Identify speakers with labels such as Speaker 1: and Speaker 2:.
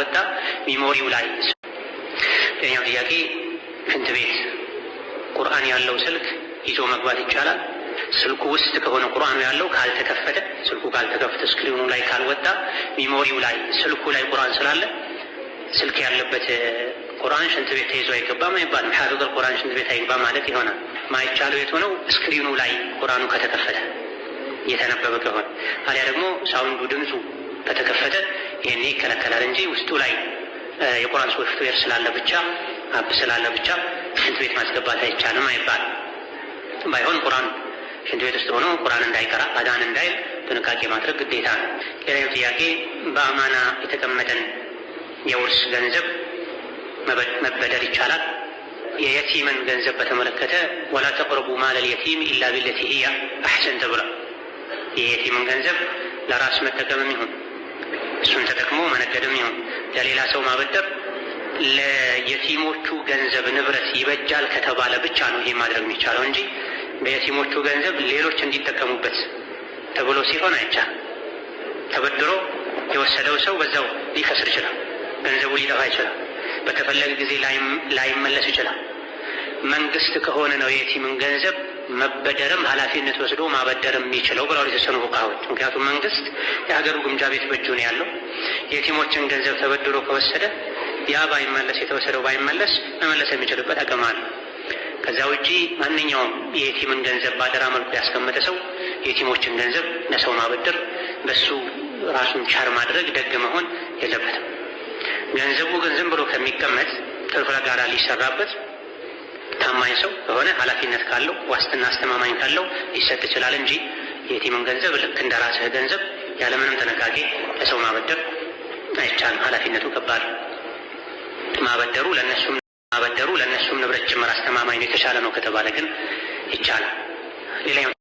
Speaker 1: ወጣ ሚሞሪው ላይ። ሌላኛው ጥያቄ ሽንት ቤት ቁርአን ያለው ስልክ ይዞ መግባት ይቻላል? ስልኩ ውስጥ ከሆነ ቁርአኑ ያለው ካልተከፈተ ስልኩ ካልተከፈተ ስክሪኑ ላይ ካልወጣ ሚሞሪው ላይ ስልኩ ላይ ቁርአን ስላለ ስልክ ያለበት ቁርአን ሽንት ቤት ተይዞ አይገባም አይባልም። ሐፊዝ ቁርአን ሽንት ቤት አይገባ ማለት ይሆናል። ማይቻለው የት ሆነው ስክሪኑ ላይ ቁርአኑ ከተከፈተ እየተነበበ ከሆነ አሊያ ደግሞ ሳውንዱ ድምፁ ይህኔ ይከለከላል እንጂ ውስጡ ላይ የቁርአን ሶፍትዌር ስላለ ብቻ አብ ስላለ ብቻ ሽንት ቤት ማስገባት አይቻልም አይባል። ባይሆን ቁርአን ሽንት ቤት ውስጥ ሆኖ ቁርአን እንዳይቀራ አዛን እንዳይል ጥንቃቄ ማድረግ ግዴታ ነው። ሌላኛው ጥያቄ በአማና የተቀመጠን የውርስ ገንዘብ መበደር ይቻላል? የየቲምን ገንዘብ በተመለከተ ወላ ተቅርቡ ማለል የቲም ኢላ ቢለቲ ሂያ አሕሰን ተብሏል። የየቲምን ገንዘብ ለራስ መጠቀምም ይሁን እሱን ተጠቅሞ መነገድም ይሁን ለሌላ ሰው ማበደር ለየቲሞቹ ገንዘብ ንብረት ይበጃል ከተባለ ብቻ ነው ይሄ ማድረግ የሚቻለው እንጂ በየቲሞቹ ገንዘብ ሌሎች እንዲጠቀሙበት ተብሎ ሲሆን አይቻልም። ተበድሮ የወሰደው ሰው በዛው ሊከስር ይችላል። ገንዘቡ ሊጠፋ ይችላል። በተፈለገ ጊዜ ላይመለስ ይችላል። መንግስት ከሆነ ነው የቲምን ገንዘብ መበደርም ኃላፊነት ወስዶ ማበደር የሚችለው ብለዋል የተሰኑ ፉቃዎች። ምክንያቱም መንግስት የሀገሩ ግምጃ ቤት በእጁ ነው ያለው። የቲሞችን ገንዘብ ተበድሮ ከወሰደ ያ ባይመለስ የተወሰደው ባይመለስ መመለስ የሚችልበት አቅም አለ። ከዚያ ውጪ ማንኛውም የቲምን ገንዘብ ባደራ መልኩ ያስቀመጠ ሰው የቲሞችን ገንዘብ ለሰው ማበደር በሱ ራሱን ቻር ማድረግ ደግ መሆን የለበትም። ገንዘቡ ገንዘብ ብሎ ከሚቀመጥ ከፍራ ጋር ሊሰራበት ታማኝ ሰው ከሆነ ኃላፊነት ካለው ዋስትና አስተማማኝ ካለው ሊሰጥ ይችላል እንጂ የቲምን ገንዘብ ልክ እንደ ራስህ ገንዘብ ያለምንም ጥንቃቄ ለሰው ማበደር አይቻልም። ኃላፊነቱ ከባድ ማበደሩ ለነሱም ማበደሩ ለእነሱም ንብረት ጭምር አስተማማኝ ነው የተሻለ ነው ከተባለ ግን ይቻላል። ሌላኛው